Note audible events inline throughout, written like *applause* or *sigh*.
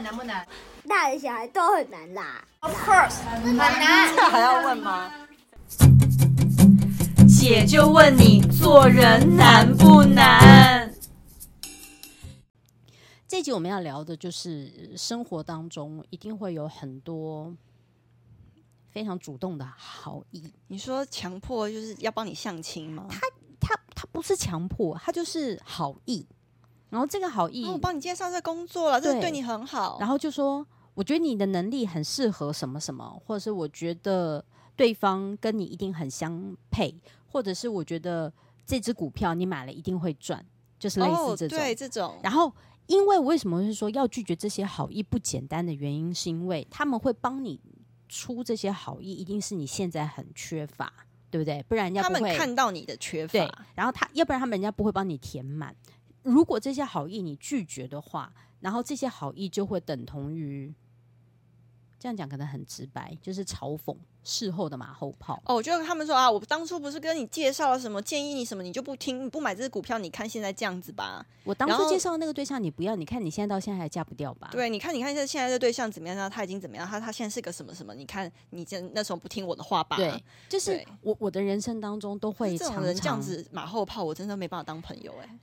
難不難？大人小孩都很難啦。Of、oh, course，難，難。難難 *laughs* 這還要問嗎？難難姐就問你，做人難不難？這集我們要聊的就是生活當中一定會有很多非常主動的好意。你說強迫就是要幫你相親嗎？他他他不是強迫，他就是好意。然後這個好意，然後我幫你介紹這工作了，這是對你很好。然後就說，我覺得你的能力很適合什麼什麼，或者是我覺得對方跟你一定很相配，或者是我覺得這支股票你買了一定會賺，就是類似這種。哦、對，這種。然後，因為為什麼是說要拒絕這些好意不簡單的原因，是因為他們會幫你出這些好意，一定是你現在很缺乏，對不對？不然要他們看到你的缺乏。然後他，要不然他們人家不會幫你填滿。如果這些好意你拒絕的話，然後這些好意就會等同於，這樣講可能很直白，就是嘲諷事後的馬後炮。哦，就是他們說啊，我當初不是跟你介紹了什麼，建議你什麼，你就不聽，你不買這支股票，你看現在這樣子吧。我當初介紹的那個對象你不要，你看你現在到現在還嫁不掉吧？對，你看，你看現在這個對象怎麼樣？然後他已經怎麼樣？他他現在是個什麼什麼？你看，你真那時候不聽我的話吧？對，就是我我的人生當中都會常常這種人這樣子馬後炮，我真的沒辦法當朋友哎。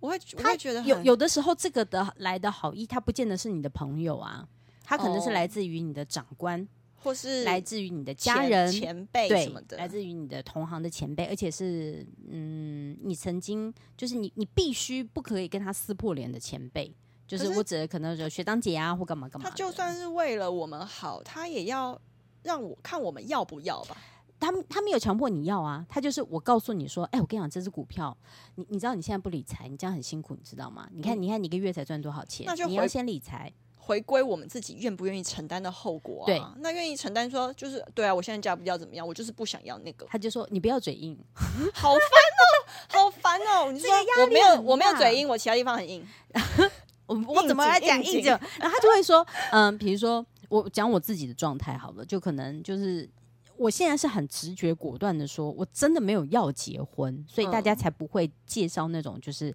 我會，他覺得很他有有的時候這個的來的好意，他不見得是你的朋友啊，他可能是來自於你的長官，或是來自於你的家人、前輩什麼的對，來自於你的同行的前輩，而且是嗯，你曾經就是你，你必須不可以跟他撕破臉的前輩，就是，是或者可能說學長姐啊，或幹嘛幹嘛，他就算是為了我們好，他也要讓我看我們要不要吧。他們他沒有強迫你要啊，他就是我告訴你說，哎、欸，我跟你講這只股票，你你知道你現在不理財，你這樣很辛苦，你知道嗎？嗯、你看你看你一個月才賺多少錢，那就你要先理財，回歸我們自己願不願意承擔的後果、啊。對，那願意承擔說就是對啊，我現在嫁不嫁怎麼樣？我就是不想要那個。他就說你不要嘴硬， *laughs* 好煩哦、喔，好煩哦、喔！ *laughs* 你說我沒有我沒有嘴硬，我其他地方很硬。 *laughs* 我硬我怎麼來講硬就，然後他就會說，嗯、呃，比如說我講我自己的狀態好了，就可能就是。我現在是很直覺果斷的說，我真的沒有要結婚，嗯、所以大家才不會介紹那種就是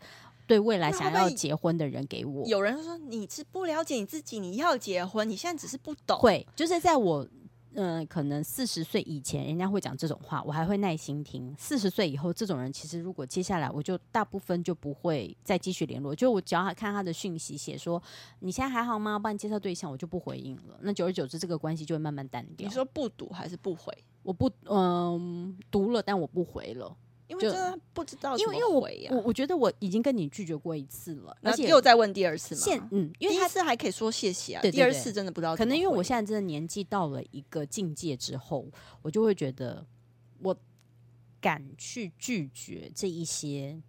對未來想要結婚的人給我。會不會有人說你是不了解你自己，你要結婚，你現在只是不懂？會，就是在我。嗯、呃，可能四十歲以前，人家會講這種話，我還會耐心聽。四十歲以後，這種人其實如果接下來，我就大部分就不會再繼續聯絡。就我只要看他的訊息，寫說你現在還好嗎？幫你介紹對象，我就不回應了。那久而久之，這個關係就會慢慢淡掉。你、就是、說不讀還是不回？我不，嗯、呃，讀了，但我不回了。因為真的不知道怎麼回啊，因為因為我我我覺得我已經跟你拒絕過一次了，而且,而且又再問第二次嗎，謝嗯，因為他第一次還可以說謝謝啊對對對，第二次真的不知道，可能因為我現在真的年紀到了一個境界之後，我就會覺得我敢去拒絕這一些。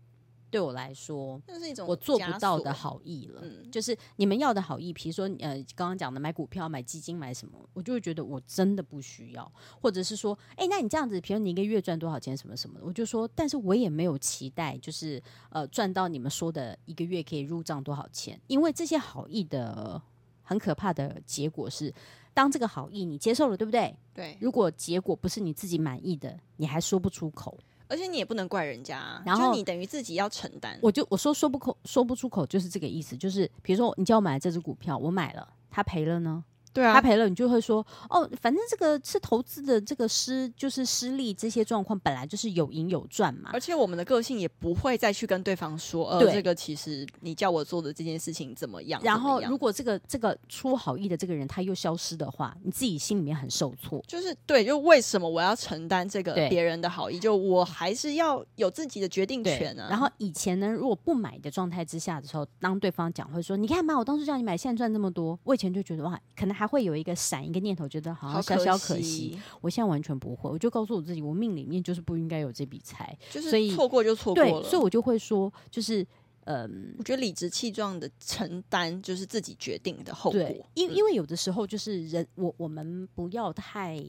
對我來說，那是一種我做不到的好意了。嗯，就是你們要的好意，比如說呃，剛剛講的買股票、買基金、買什麼，我就會覺得我真的不需要。或者是說，哎、欸，那你這樣子，比如你一個月賺多少錢，什麼什麼的，我就說，但是我也沒有期待，就是呃，賺到你們說的一個月可以入賬多少錢。因為這些好意的很可怕的結果是，當這個好意你接受了，對不對？對。如果結果不是你自己滿意的，你還說不出口。而且你也不能怪人家，然後就你等於自己要承擔。我就我說說不口說不出口，就是這個意思。就是比如說，你叫我買這隻股票，我買了，他賠了呢？對啊，他賠了，你就會說哦，反正這個是投資的這個失，就是失利這些狀況，本來就是有贏有賺嘛。而且我們的個性也不會再去跟對方說，呃，這個其實你叫我做的這件事情怎麼樣，怎麼樣？然後如果這個這個出好意的這個人他又消失的話，你自己心裡面很受挫。就是對，就為什麼我要承擔這個別人的好意？就我還是要有自己的決定權呢、啊。然後以前呢，如果不買的狀態之下的時候，當對方講會說，你看嘛，我當時叫你買，現在賺這麼多，我以前就覺得哇，可能還。還會有一個閃一個念頭，覺得好像小小可惜，好可惜。我現在完全不會，我就告訴我自己，我命裡面就是不應該有這筆財，就是、所以錯過就錯過了。對，所以我就會說，就是嗯，我覺得理直氣壯的承擔就是自己決定的後果。因因為有的時候就是人，嗯、我我們不要太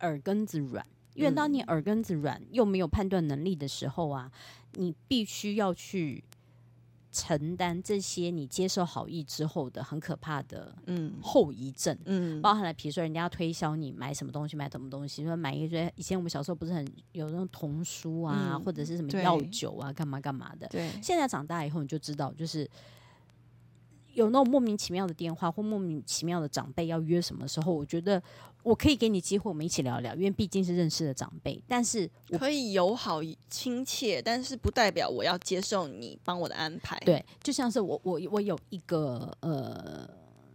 耳根子軟，因為當你耳根子軟、嗯、又沒有判斷能力的時候啊，你必須要去。承擔這些你接受好意之後的很可怕的後遺症，嗯嗯，包含了比如說人家要推銷你買什麼東西買什麼東西，就是，說買一些以前我們小時候不是很有那種童書啊、嗯，或者是什麼藥酒啊，幹嘛幹嘛的。對，現在長大以後你就知道，就是有那種莫名其妙的電話或莫名其妙的長輩要約什麼時候，我覺得。我可以給你機會，我們一起聊聊，因為畢竟是認識的長輩。但是我可以友好親切，但是不代表我要接受你幫我的安排。對，就像是我我我有一個呃，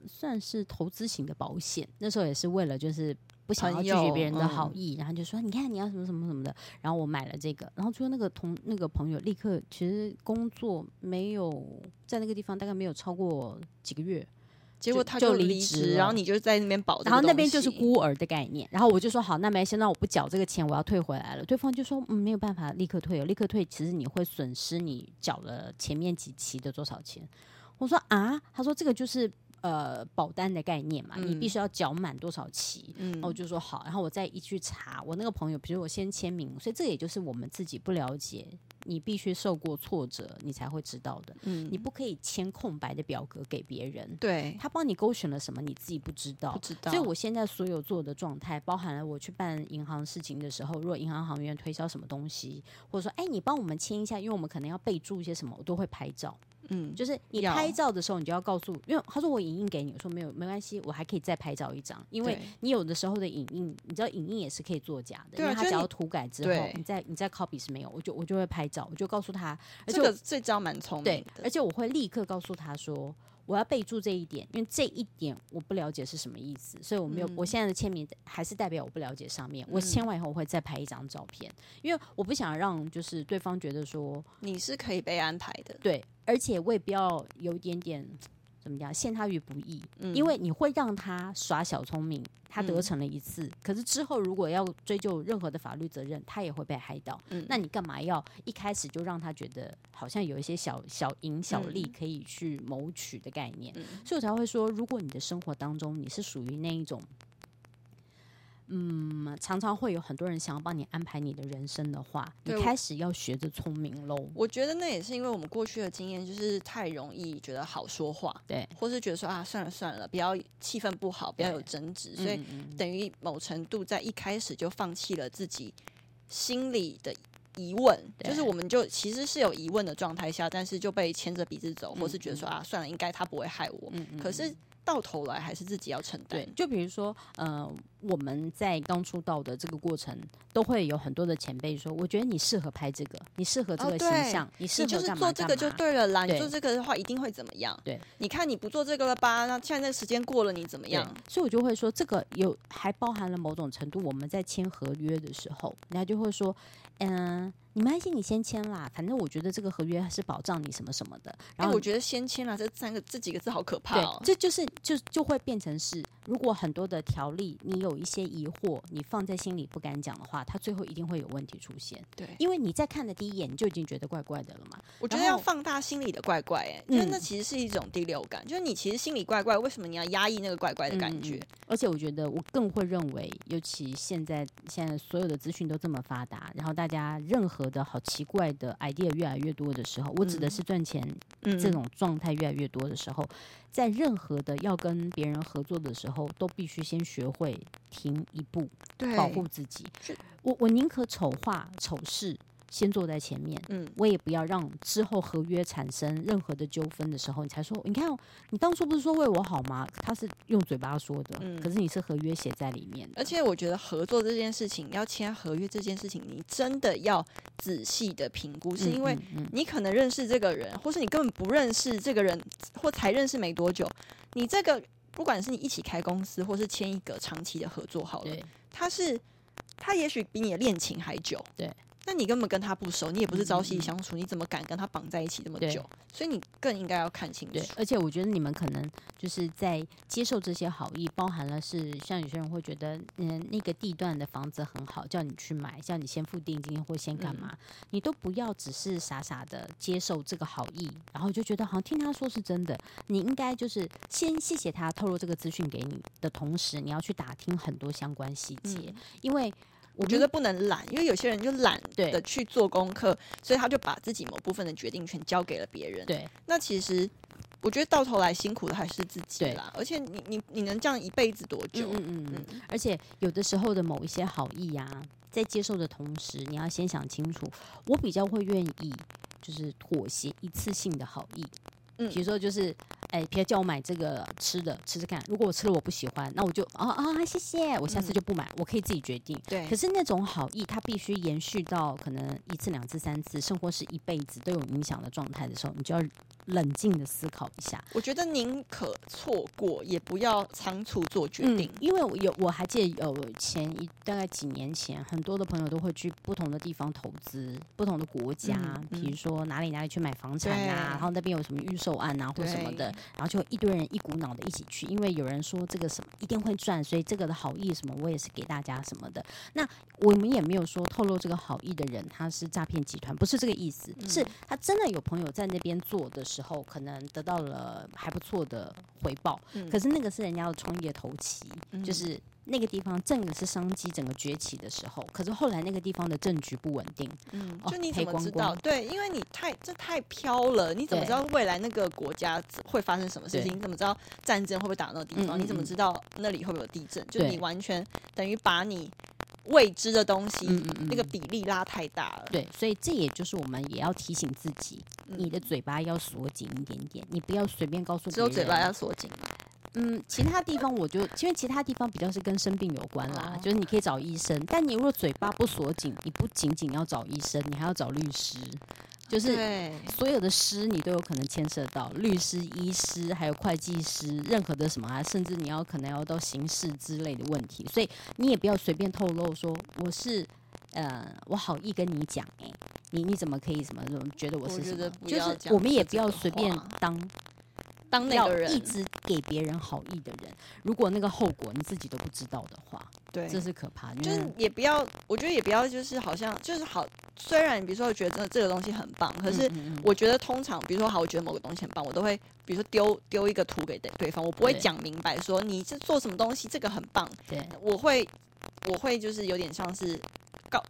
算是投資型的保險，那時候也是為了就是不想要拒絕別人的好意，嗯，然後就說你看你要什麼什麼什麼的，然後我買了這個，然後除了那個同那個朋友立刻其實工作沒有在那個地方，大概沒有超過幾個月。結果他就離，就，就離職，然後你就在那邊保。然後那邊就是孤兒的概念。然後我就說好，那沒事，那我不繳這個錢，我要退回來了。對方就說，嗯，沒有辦法，立刻退了，立刻退，其實你會損失你繳了前面幾期的多少錢。我說啊，他說這個就是。呃，保單的概念嘛，你必須要繳滿多少期。嗯，然後我就說好，然後我再一去查，我那個朋友，比如說我先簽名，所以這也就是我們自己不了解，你必須受過挫折，你才會知道的。嗯，你不可以簽空白的表格給別人，對，他幫你勾選了什麼，你自己不知道。不知道。所以我現在所有做的狀態，包含了我去辦銀行事情的時候，如果銀行行員推銷什麼東西，或者說哎，你幫我們簽一下，因為我們可能要備注一些什麼，我都會拍照。嗯，就是你拍照的時候，你就要告訴，因為他說我影印給你，我說沒有，沒關係，我還可以再拍照一張，因為你有的時候的影印，你知道影印也是可以作假的，因為他只要塗改之後，你再你再 copy 是沒有，我就我就會拍照，我就告訴他，而且，這個這招蠻聰明的，對，而且我會立刻告訴他說我要備注這一點，因為這一點我不了解是什麼意思，所以我沒有，嗯，我現在的簽名還是代表我不了解上面，我簽完以後我會再拍一張照片，嗯，因為我不想讓就是對方覺得說你是可以被安排的，對。而且，我也不要有一點點怎麼講，陷他於不義，嗯，因為你會讓他耍小聰明，他得逞了一次，嗯，可是之後如果要追究任何的法律責任，他也會被害到。嗯，那你幹嘛要一開始就讓他覺得好像有一些小小蠅小利可以去謀取的概念，嗯？所以我才會說，如果你的生活當中你是屬於那一種。嗯，常常會有很多人想要幫你安排你的人生的話，你開始要學着聰明嘍。我覺得那也是因為我們過去的經驗，就是太容易覺得好說話，對，或是覺得說啊算了算了，不要氣氛不好，不要有爭執，所以等於某程度在一開始就放棄了自己心裡的疑問，對，就是我們就其實是有疑問的狀態下，但是就被牽着鼻子走，或是覺得說啊算了，應該他不會害我，可是。到頭來還是自己要承擔。對，就比如說，呃，我們在剛出道的這個過程，都會有很多的前輩說，我覺得你適合拍這個，你適合這個形象，哦、你適合幹嘛幹嘛你就做這個就對了啦。對，你做這個的話一定會怎麼樣？對，你看你不做這個了吧？那現在那時間過了你怎麼樣？所以我就會說，這個有還包含了某種程度，我們在簽合約的時候，人家就會說，嗯、呃。你們安心，你先簽啦。反正我覺得這個合約還是保障你什麼什麼的。然後、欸、我覺得先簽了這三個這幾個字好可怕哦。這就是就就會變成是，如果很多的條例你有一些疑惑，你放在心裡不敢講的話，他最後一定會有問題出現。對，因為你在看的第一眼你就已經覺得怪怪的了嘛。我覺得要放大心裡的怪怪、欸，哎，因、嗯、為那其實是一種第六感，就是你其實心裡怪怪，為什麼你要壓抑那個怪怪的感覺？嗯嗯嗯，而且我覺得我更會認為，尤其現在現在所有的資訊都這麼發達，然後大家任何的好奇怪的 idea 越來越多的時候，我指的是賺錢這種狀態越來越多的時候，在任何的要跟別人合作的時候，都必須先學會停一步，對，保護自己。我我寧可醜化醜事。先坐在前面，嗯，我也不要讓之後合約產生任何的糾紛的時候，你才說，你看，你當初不是說為我好嗎？他是用嘴巴說的，嗯，可是你是合約寫在裡面。而且我覺得合作這件事情，要簽合約這件事情，你真的要仔細的評估，是因為你可能認識這個人，嗯嗯嗯，或是你根本不認識這個人，或才認識沒多久，你這個不管是你一起開公司，或是簽一個長期的合作好了，他是他也許比你的戀情還久，對。那你根本跟他不熟，你也不是朝夕相處，嗯嗯嗯，你怎麼敢跟他綁在一起這麼久？所以你更應該要看清楚。對，而且我覺得你們可能就是在接受這些好意，包含了是像有些人會覺得，嗯，那個地段的房子很好，叫你去買，叫你先付定金或先幹嘛，嗯、你都不要只是傻傻的接受這個好意，然後就覺得好像聽他說是真的。你應該就是先謝謝他透露這個資訊給你的同時，你要去打聽很多相關細節，嗯、因為。我覺得，覺得不能懶，因為有些人就懶得去做功課，所以他就把自己某部分的決定權交給了別人。對，那其實我覺得到頭來辛苦的還是自己啦。而且你你你能這樣一輩子多久？嗯嗯嗯，嗯。而且有的時候的某一些好意呀、啊，在接受的同時，你要先想清楚，我比較會願意就是妥協一次性的好意。嗯，比如說就是，哎、嗯，別叫我買這個吃的，吃吃看。如果我吃了我不喜歡，那我就哦哦，謝謝，我下次就不買，嗯，我可以自己決定。對。可是那種好意，它必須延續到可能一次、兩次、三次，甚至是一輩子都有影響的狀態的時候，你就要冷靜的思考一下。我覺得寧可錯過，也不要倉促做決定。嗯、因為有我，我還記得有前一大概幾年前，很多的朋友都會去不同的地方投資，不同的國家，嗯嗯、比如說哪裡哪裡去買房產啊，然後那邊有什麼預。受案啊或什麼的，然後就一堆人一股腦的一起去，因為有人說這個什麼一定會賺，所以這個的好意什麼，我也是給大家什麼的。那我們也沒有說透露這個好意的人他是詐騙集團，不是這個意思，嗯、是他真的有朋友在那邊做的時候，可能得到了還不錯的回報，嗯、可是那個是人家的創業頭期、嗯，就是。那個地方正是商機整個崛起的時候，可是後來那個地方的政局不穩定。嗯，就你怎麼知道？對，因為你太這太飄了。你怎麼知道未來那個國家會發生什麼事情？你怎麼知道戰爭會不會打到那個地方、嗯嗯嗯？你怎麼知道那裡會不會有地震？就你完全等於把你未知的東西嗯嗯嗯那個比例拉太大了。對，所以這也就是我們也要提醒自己，你的嘴巴要鎖緊一點點，你不要隨便告訴別人，只有嘴巴要鎖緊。嗯，其他地方我就，因為其他地方比較是跟生病有關啦，oh. 就是你可以找醫生，但你如果嘴巴不鎖緊，你不僅僅要找醫生，你還要找律師，就是所有的師你都有可能牽涉到律師、醫師，還有會計師，任何的什麼啊，甚至你要可能要到刑事之類的問題，所以你也不要隨便透露說我是，呃，我好意跟你講、欸，誒，你你怎麼可以什麼，怎麼覺得我是什麼是這個，就是我們也不要隨便當，當那個人一直給別人好意的人，如果那個後果你自己都不知道的話，對，這是可怕。就是也不要，嗯、我覺得也不要，就是好像就是好。雖然比如說我覺得真的這個東西很棒，可是我覺得通常，嗯嗯嗯，比如說好，我覺得某個東西很棒，我都會比如說丟丟一個圖給對方，我不會講明白說你是做什麼東西，這個很棒。對，我會我會就是有點像是。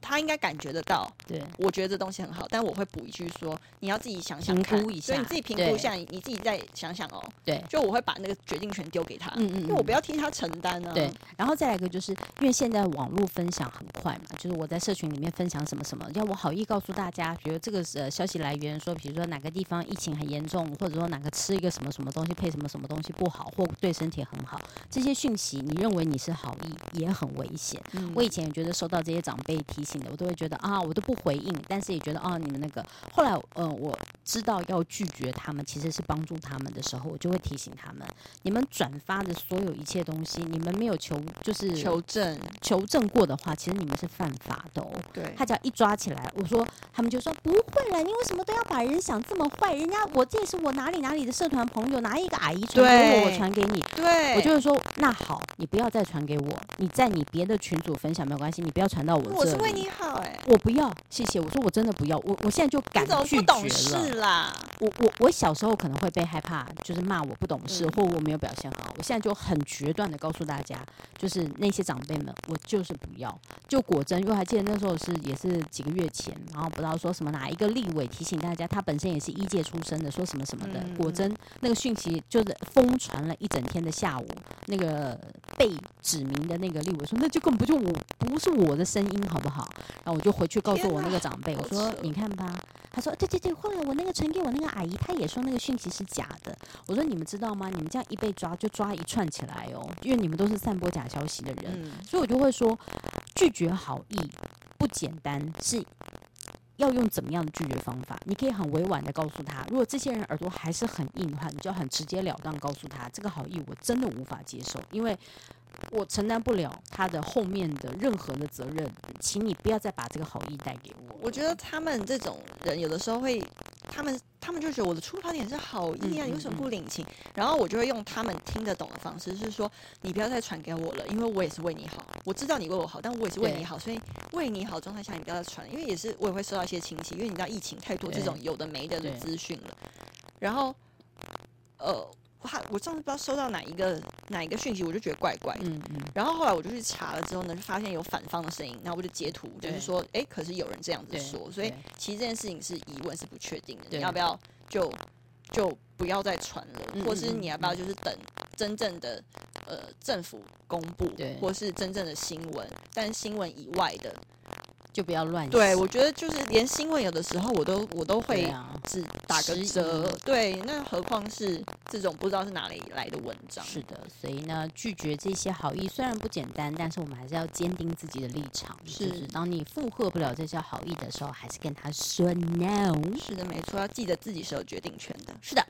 他應該感覺得到，對，我覺得這東西很好，但我會補一句說，你要自己想想看，評估一下，所以你自己評估一下，你自己再想想哦。對，就我會把那個決定權丟給他，嗯嗯，嗯，因為我不要替他承擔呢、啊。對，然後再來一個就是因為現在網絡分享很快嘛，就是我在社群裡面分享什麼什麼，要我好意告訴大家，覺得這個呃消息來源說，說比如說哪個地方疫情很嚴重，或者說哪個吃一個什麼什麼東西配什麼什麼東西不好，或對身體很好，這些訊息，你認為你是好意，也很危險。嗯、我以前也覺得收到這些長輩。提醒的我都會覺得啊，我都不回應，但是也覺得啊，你們那個。後來，呃，我知道要拒絕他們，其實是幫助他們的時候，我就會提醒他們：你們轉發的所有一切東西，你們沒有求就是求證求證過的話，其實你們是犯法的哦。對，他只要一抓起來，我說他們就說不會了，你為什麼都要把人想這麼壞？人家我這也是我哪裡哪裡的社團朋友，拿一個阿姨傳給我，我傳給你，對我就是說那好，你不要再傳給我，你在你別的群組分享沒有關係，你不要傳到我這裡。為你好哎，欸，我不要，謝謝。我說我真的不要，我我現在就敢拒絕了。我我我小時候可能會被害怕，就是罵我不懂事，嗯、或我沒有表現好。我現在就很決斷的告訴大家，就是那些長輩們，我就是不要。就果真，因為還記得那時候是也是幾個月前，然後不知道說什麼哪一個立委提醒大家，他本身也是醫界出生的，說什麼什麼的。嗯、果真那個訊息就是瘋傳了一整天的下午，那個被。指明的那個例，我說那就根本不就我不是我的聲音，好不好？然後我就回去告訴我那個長輩，我說你看吧。他說對對對，後來我那個傳給我那個阿姨，她也說那個訊息是假的。我說你們知道嗎？你們這樣一被抓就抓一串起來哦，因為你們都是散播假消息的人，嗯、所以我就會說拒絕好意不簡單，是要用怎麼樣的拒絕方法？你可以很委婉的告訴他，如果這些人耳朵還是很硬的話，你就很直截了當告訴他，這個好意我真的無法接受，因為。我承擔不了他的後面的任何的責任，請你不要再把這個好意帶給我。我覺得他們這種人有的時候會，他們他們就覺得我的出發點是好意啊，有、嗯、什麼不領情、嗯嗯？然後我就會用他們聽得懂的方式，是說你不要再傳給我了，因為我也是為你好。我知道你為我好，但我也是為你好，所以為你好狀態下你不要再傳，因為也是我也會收到一些親戚，因為你知道疫情太多這種有的沒的的資訊了。然後，呃。我我上次不知道收到哪一個哪一個訊息，我就覺得怪怪的。嗯嗯。然後後來我就去查了之後呢，就發現有反方的聲音，然後我就截圖，就是說，哎、欸，可是有人這樣子說，所以其實這件事情是疑問，是不確定的。你要不要就就不要再傳了？或是你要不要就是等真正的呃政府公布對，或是真正的新聞？但新聞以外的就不要亂。對，我覺得就是連新聞有的時候我都我都會自。打個折，對，那何況是這種不知道是哪裡來的文章？是的，所以呢，拒絕這些好意雖然不簡單，但是我們還是要堅定自己的立場。是，就是、當你附和不了這些好意的時候，還是跟他說 “no”。是的，沒錯，要記得自己是有決定權的。是的。